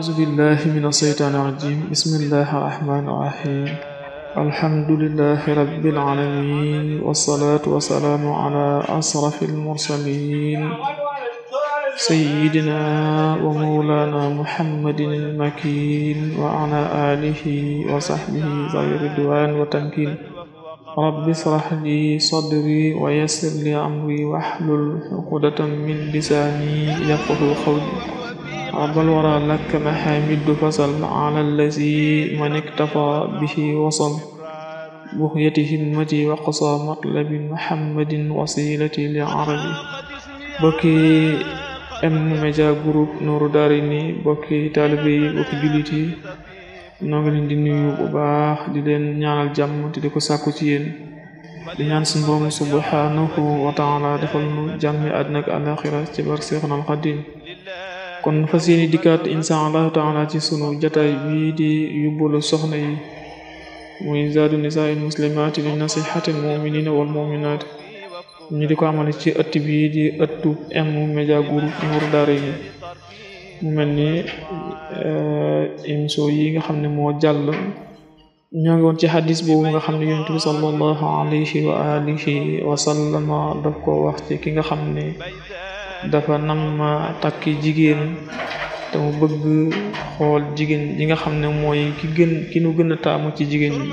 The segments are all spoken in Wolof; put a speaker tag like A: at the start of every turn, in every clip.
A: أعوذ بالله من الشيطان الرجيم بسم الله الرحمن الرحيم الحمد لله رب العالمين والصلاة والسلام على أشرف المرسلين سيدنا ومولانا محمد المكين وعلى آله وصحبه ذوي الرضوان والتمكين رب اشرح لي صدري ويسر لي أمري واحلل عقدة من لساني يفقه قولي رب الورى لك محامد فصل على الذي من اكتفى به وصل بغية همتي وقصى مطلب محمد وسيلتي لعربي بكي M Media Group Nourou Darayni bokki taalibe bokki jullit yi noo ngi di nuyu baax di leen ñaanal jàmm te di ko sàkku ci yéen di ñaan suñu borom subhanahu wa defal nu jàmmi àddina ak àlaxira ci bar Seexna Xaadim kon fas yéene dikkaat insha allahu taala ci sunu jataay bii di yu yóbbalu soxna yi muy zaadu nisaa il muslimaati li nasihatil muminina wal muminaat ñu di ko amale ci ëtt bii di ëttu M Media Group Nour mu mel ni eh, émission yi nga xam ne moo jàll ñoo ngi woon ci xadis boobu nga xam ne yonent bi sallallahu alayhi wa alihi wa sallama daf ko wax ci ki nga xam ne dafa nam ma takki jigéen te mu bëgg xool jigéen ji nga xam ne mooy ki gën ki nu gën a taamu ci jigéen ñi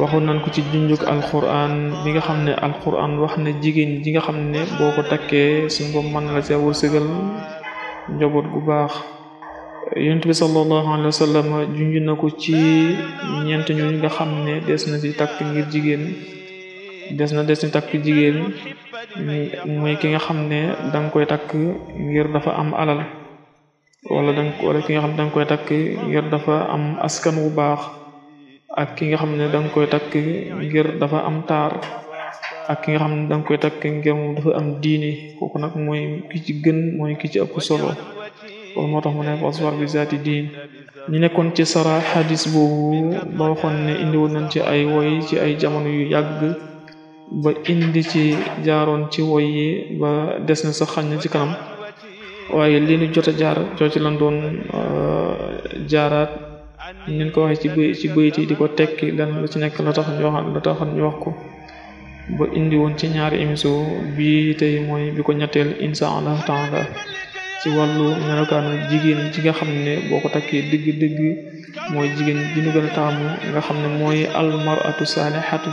A: waxoon nañ ko ci junjuk alquran bi nga xam ne alquran wax na jigéen ji nga xam ne boo ko takkee suñ ko mën la ca wërsëgal njaboot gu baax yonent bi sallallahu alayhi wa sallam junj na ko ci ñeent ñooñu nga xam ne des na ci takk ngir jigéen des na des ni takk jigéen muy ki nga xam ne dang koy takk ngir dafa am alal wala danga wala ki nga xam ne dang koy takk ngir dafa am askan wu baax ak ki nga xam ne danga koy takk ngir dafa am taar ak ki nga xam ne danga koy takk ngir moom diini kooku nag mooy ki ci gën mooy ki ci ëpp solo loolu moo tax mu nekk aswar bi zaati diin ñu nekkoon ci sara xadis boobu ba waxoon ne indi nañ ci ay woy ci ay jamono yu yàgg ba indi ci jaaroon ci woy yi ba des na sax xañ na ci kanam waaye li ñu jot a jaar coo ci lan doon euh, jaaraat ñu ko waxee ci b ci bayit di ko tekki lan ci nekk la tax ñu wax ñu wax ko ba indi woon ci ñaari émission bi tey mooy bi ko ñetteel insha allah taala ci wàllu melokaanu jigéen ji nga xam ne boo ko takkee dëgg-dëgg mooy jigéen ji ñu gën a taamu nga xam ne mooy almaratu salihatu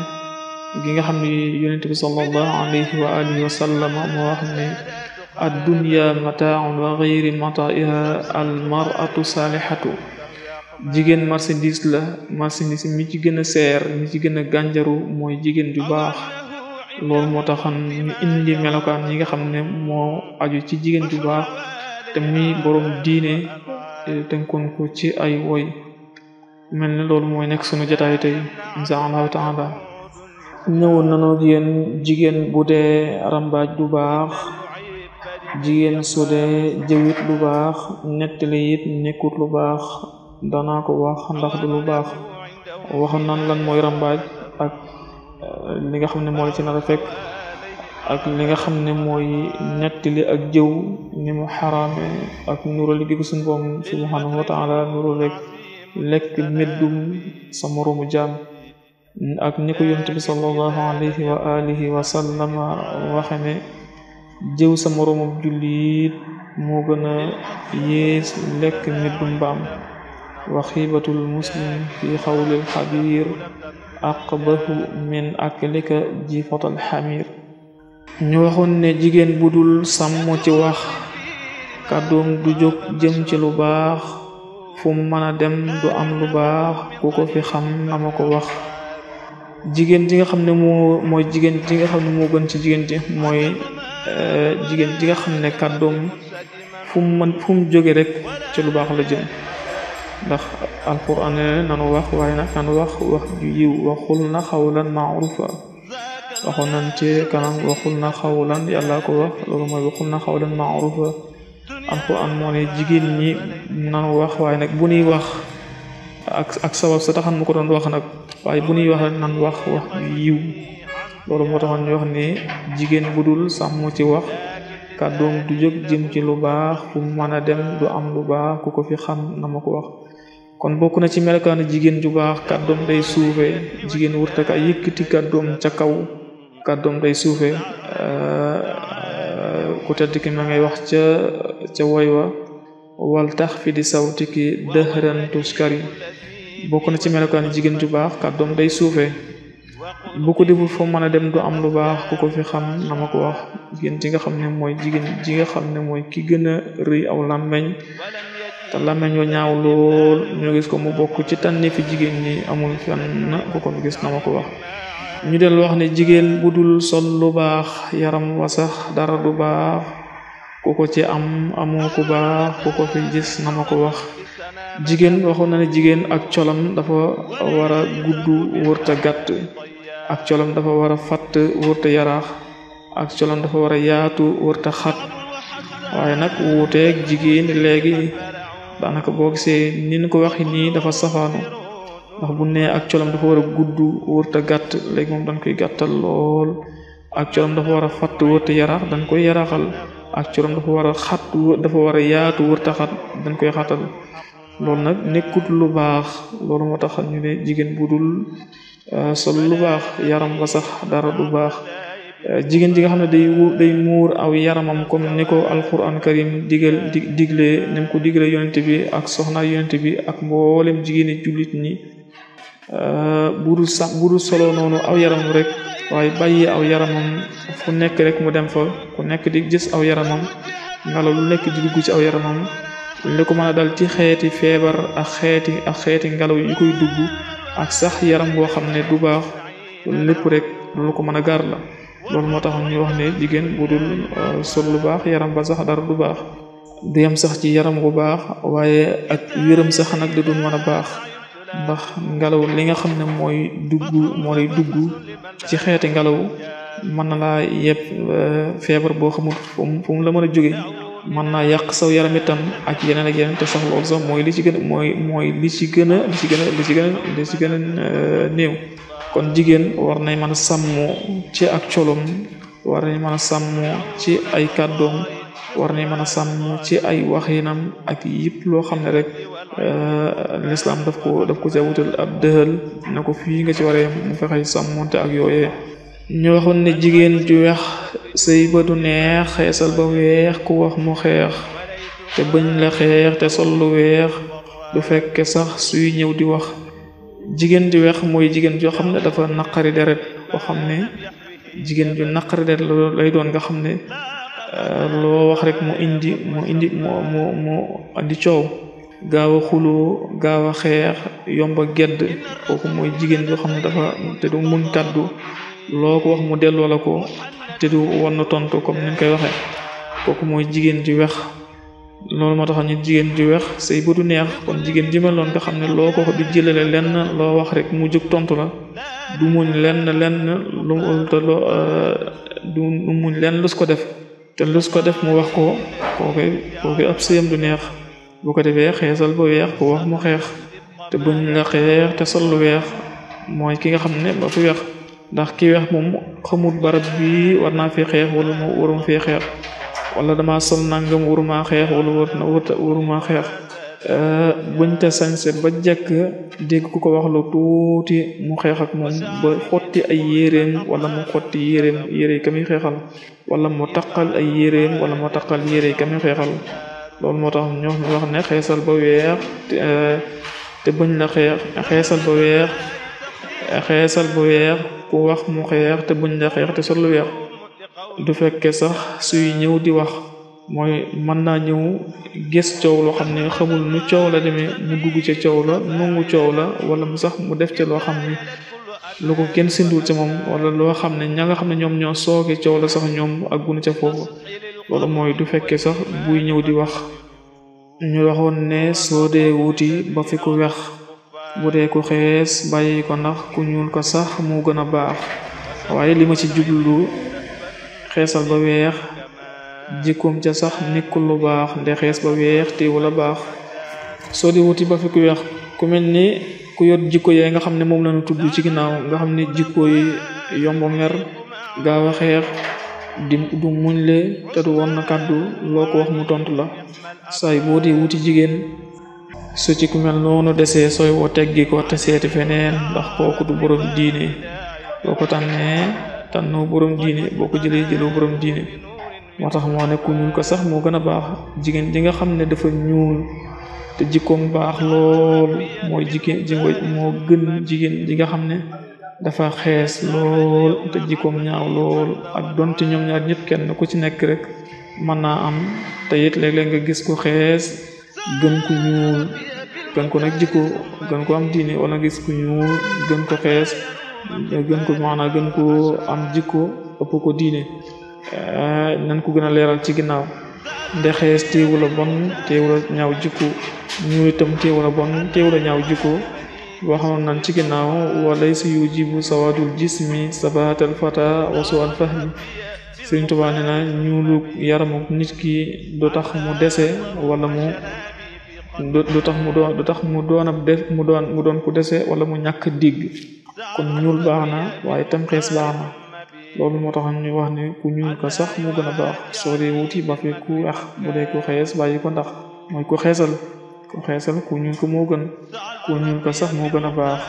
A: gi nga xam ne yonent bi sallallahu alayhi wa alihi wa sallam moo wax ne addunya mataaun wa ghayri mataa'iha al mar'atu salihatu jigéen marchandise la marchandise mi ci gën a seer mi ci gën gànjaru mooy jigéen ju baax loolu moo taxoon ñu indi melokaan yi nga xam ne moo aju ci jigéen ju baax te muy borom diine tënkoon ko ci ay woy mel ne loolu mooy nekk sunu jotaay tey insha allahu taala ñëwoon nañu yéen jigéen bu dee rambaaj du baax jigéen su dee jëwit baax nettali nekkut lu baax danaa ko wax ndax du lu baax wax nan lan mooy rambaaj ak eh, li nga xam ne mooy ci nar ak li nga xam ne mooy nettali ak jëw ni mu xaraame ak nurali gi ko suñu boom subhanahu wa taala lekk meddum sa moroomu jaam ak niko ko yonent bi sallallahu alayhi wa alihi wa sallam waxe ne jëw sa moroomam jullit moo gëna a yées lekk middu mbaam wa xiibatul muslim fi xawlil xabiir aqbahu min aklika jifatal xamiir ñu waxoon ne jigéen bu dul sàmm ci wax kàddoom du jóg jëm ci lu baax fu mu dem du am lu baax ku ko fi xam na ko wax jigéen ji nga xam ne moo mooy jigéen ji nga xam ne moo gën ci jigéen ji mooy euh, jigéen ji nga xam ne kàddoom fu mu jóge rek ci lu baax la jëm ndax alquran ne nanu wax waaye nag wax wax yiw waxul na xawlan maarufa waxoon nañ ci kanam waxul na xawlan yàlla ko wax loolu mooy waxul na xawlan maarufa alquran moo ne jigéen mi nanu wax waaye nag bu nuy wax ak ak sabab sa taxan mu ko doon wax nag waaye bu ñuy wax rek nan wax wax yiw loolu moo taxoon ñu jigéen bu dul sàmm ci wax kàddoom du jóg jëm ci lu baax fu mën a dem du am lu baax ku ko fi xam na ma ko wax kon bokk na ci melokaanu jigéen ju baax kaddoom day suufe jigéen wurtaka yëkkati kàddoom ca kaw kàddoom day suufe euh, ku tedd ki ma ngay wax ca ca woy wa wal tax fi di sawtiki dëhëran tuskari bokk na ci melokaanu jigéen ju baax kàddoom day suufee bu ko deful foo mën a dem du am lu baax ku ko fi xam na ma ko wax jigéen ji nga xam ne mooy jigéen ji nga xam ne mooy ki gën a rëy aw làmmeñ te làmmeñ wa ñaaw lool ñu gis ko mu bokk ci tànni fi jigéen ñi amul fenn ku fi gis na ma ko wax wax ne jigéen bu dul sol lu baax yaram wa sax dara du baax ku ko ci am amoo ku baax ku ko fi gis na ma ko wax jigéen waxoon na ne jigéen ak colam dafa war a gudd wërta ak colom dafa war a fatt wërta yaraax ak colam dafa war yaatu wërta xat waaye nag wuuteeg jigéen léegi daanaka boo gisee ni ñu ko waxi nii dafa safaanu ndax bu ak colom dafa war a gudd wërta gàtt léegi moom dañ koy gàttal lool ak colam dafa war a fatt wërta yaraax dañ koy yaraaxal ak colam dafa war a dafa war a yaatu wërta xat dañ koy xatal loolu nag nekkut lu baax loolu moo tax ñu ne jigéen bu dul euh, sol lu baax yaram ba sax dara du baax euh, jigéen ji nga xam ne day muur aw yaramam comme ni ko alquran karim digal di digle ni ko digle yonent bi ak soxna yonent bi ak mboolem jigéeni jullit ñi euh, budul sax budul solo noonu aw yaramam rek waaye bàyyi aw yaramam fu nekk rek mu dem fa ku nekk di jës aw yaramam ngelaw lu nekk di dugg ci aw yaramam lu ko a dal ci xeeti feebar ak xeeti ak xeeti ngelaw yi koy dugg ak sax yaram boo xam ne du baax lépp rek lu ko mën a gaar la loolu moo tax ñuy wax ne jigéen bu dul euh, sol lu baax yaram ba sax dara du baax du yem sax ci yaram bu baax waaye ak wéram sax nag da doon mën a baax ndax ngelaw li nga xam ne mooy dugg moo lay dugg ci xeeti ngelaw mën na laa yépp euh, feebar boo xamul fu mu la mën a jóge mën naa yàq saw yaram itam ak yeneen ak yeneen te sax loolu mooy li ci gën a mooy mooy li ci gën a li li ci gën a li ci gën euh, néew kon jigéen war nañ mën a sàmm ci ak colom war nañ mën a sàmm ci ay kaddom war nañ mën a sàmm ci ay waxinam ak yëpp loo xam ne rek euh, lislaam daf ko daf ko jawutal ab dëhël ne ko fii nga ci waree mu fexey sàmmonte ak yooyee ñu waxoon ne jigéen ju weex sëy ba du neex xeesal ba weex ku wax mu xeex te bëñ la xeex te sol lu weex du fekke sax suy ñëw di wax jigéen di weex mooy jigéen joo xam ne dafa naqari deret boo xam ne jigéen ju naqari deret lay doon nga xam ne euh, loo wax rek mu indi mu indi mu mu mu indi coow gaaw a xuloo gaaw xeex yomb a gedd kooku mooy jigéen joo xam ne dafa te du muñ kàddu loo ko wax mu delloo la ko te du wan na tontu comme ni ñu koy waxee kooku mooy jigéen ji weex loolu moo tax ñu jigéen ji wex sëy bu neex kon jigéen ji mel noonu nga xam ne loo ko di jëlale lenn loo wax rek mu jóg tontu la du muñ lenn lenn lu loo euh, du muñ lenn lus ko def te lus ko def mu wax ko kookoy kookoy ab sëyam du neex bu ko defee xeesal ba weex ku wax mu xeex te buñ la xeex te sol lu weex mooy ki nga xam ne ba fi weex ndax ki weex moom xamut barab bi war naa fee xeex wala mu warum fee xeex wala dama sol nangam waruma xeex wala war na waruma xeex eh, buñ te sañse ba jekk dégg ku ko wax lu tuuti mu xeex ak moom ba xotti ay yéreem wala mu xotti yéreem yére ka muy xeexal wala mu taqal ay yéreem wala mu taqal yére ka muy xeexal loolu moo tax ñoo ñu wax ne xeesal ba weex te eh, bañ la xeex xeesal ba weex xeesal ba weex ku wax mu xeex te buñ la xeex te sol lu weex du fekke sax suy ñëw di wax mooy man naa ñëw gis coow loo xam ne xamul nu coow la demee mu dugg ca coow la nangu coow la wala mu sax mu def ca loo xam ne lu ko kenn sinduwul ca moom wala loo xam ne ña nga xam ne ñoom ñoo sooke coow la sax ñoom ak gunu ca foofu loolu mooy du fekke sax buy ñëw di wax ñu waxoon ne soo dee wuti ba fi ku weex bu dee ku xees bàyyi ko ndax ku ñuul ko sax mu gën a baax waaye li ma ci jublu xeesal ba weex jikkoom ca sax nekkul lu baax nde xees ba weex teewul a baax soo di wuti ba fi weex ku mel ni ku yor jikko yee nga xam ne moom lañu tudd ci ginnaaw nga xam ne jikkoy yi mer gaaw a xeex di du muñle te du won na kàddu loo ko wax mu tontu la saay boo di wuti jigéen su ci ku mel noonu desee sooy woo teggi ko te seeti feneen ndax kooku du borom diine boo ko tànnee tànnoo borom diine boo ko jëlee jëloo borom diine moo tax moo ne ku ñuul ko sax moo gën a baax jigéen ji nga xam ne dafa ñuul te jikkoom baax lool mooy jigéen moo gën jigéen ji nga xam ne dafa xees lool te jikkoom ñaaw lool ak donte ñoom ñaar ñëpp kenn ku ci nekk rek mën naa am te it léeg nga gis ko xees gën ku ñuul gën ko nag jikko gën ko am diine wala gis ku ñuul gën ko xees gën ko maanaam gën ko am jikko ëpp ko diine eh, nan ko gën a leeral ci ginnaaw nde xees téewul a bon téewul a ñaaw jikko ñuul waxoon nan ci ginnaaw walay si yu jibu sawadul mi sabatal fata wasu al fahmi Sëriñ Tuubaa nee na yaramuk nit ki du tax mu dese wala mu du tax mu doon du tax mu doon ab def mu doon mu doon ku dese wala mu ñàkk digg kon ñuul baax na waaye tam xees baax na loolu moo tax ñu wax ne ku ñuul ko sax mu gën a baax soo dee wuti ba fi ku ax bu dee ku xees bàyyi ko ndax mooy ku xeesal ku xeesal ku ñuul ko moo gën ko sax moo gën a baax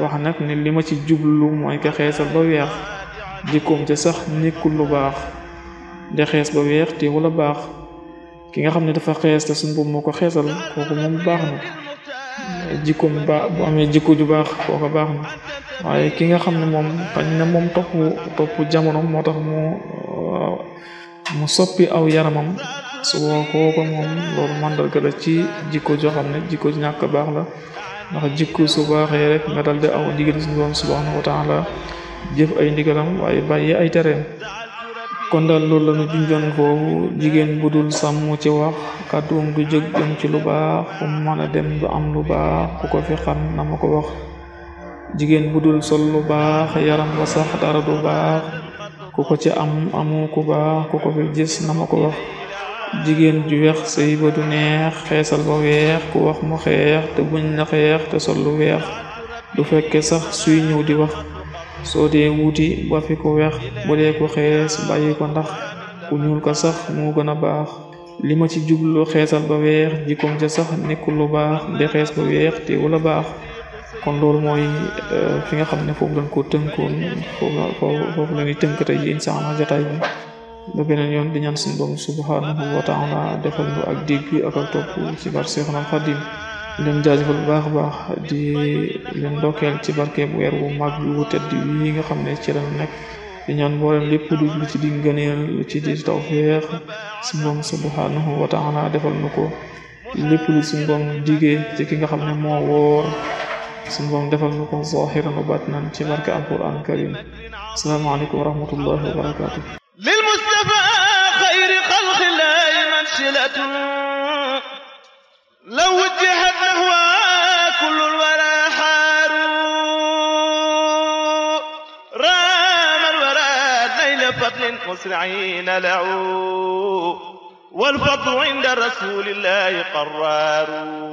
A: wax nag ne li ma ci jublu mooy ka xeesal ba weex jikkoom ca sax ni nekkul lu baax de xees ba weex te wala baax ki nga xam ne dafa xees te suñ boobu moo ko xeesal kooku moom baax na jikkoom baax boo amee jikko ju baax kooku baax na waaye ki nga xam ne moom xañ na moom topp topp jamono moo tax mu uh, mu soppi aw yaramam su boo moom loolu mandarga la ci jikko joo xam ne jikko ñàkk baax la ndax jikko su baaxee rek nga dal di aw ndigal suñu borom subhanahu wa taala jëf ay ndigalam waaye bàyyi ay tereem kon daal loolu la ñu junjoon foofu jigéen bu dul sàmm ci wax kàdduum du jóg jëm ci lu baax fu mu mën a dem du am lu baax ku ko fi xam na ma ko wax jigéen bu dul sol lu baax yaram ba sax dara du baax ku ko ci am amu ku baax ku ko fi gis na ma ko wax jigéen ju weex sëy ba du neex xeesal ba weex ku wax mu xeex te buñ la xeex te sol lu weex du fekke sax suy ñëw di wax soo dee wuuti ba fi ko weex bu dee ko xees bàyyi ko ndax ku ñuul ko sax mu gën a baax li ma ci jublu xeesal ba weex jikkoom ca sax nekkul lu baax de xees ba weex te baax kon loolu mooy euh, fi nga xam ne foofu lañ ko tënkoon foofu foofu la ñuy tënk tey ji sax allah jotaay bi ba beneen yoon di ñaan suñu borom subhanahu wa taala defal ñu ak dégg ak ak topp ci bar Seexna Xadim leen jaajëfal bu baax a baax di leen ndokkeel ci barkeeb weer wu mag yu tëdd yi nga xam ne ci lañ nekk di ñaan mboolem lépp lu lu ci di ngëneel lu ci di tawfeex si moom subhanahu wa taala defal na ko lépp lu si moom ci ki nga xam ne moo wóor si defal na ko zahiran wa batinan ci barke alquran karim asalaamaaleykum wa rahmatullahi wa barakaatu lil mustafa xayri xalqi lay mansilatun لو وجهت نحوها كل الورى حاروا رام الورى نيل فضل مسرعين لعوا والفضل عند رسول الله قراروا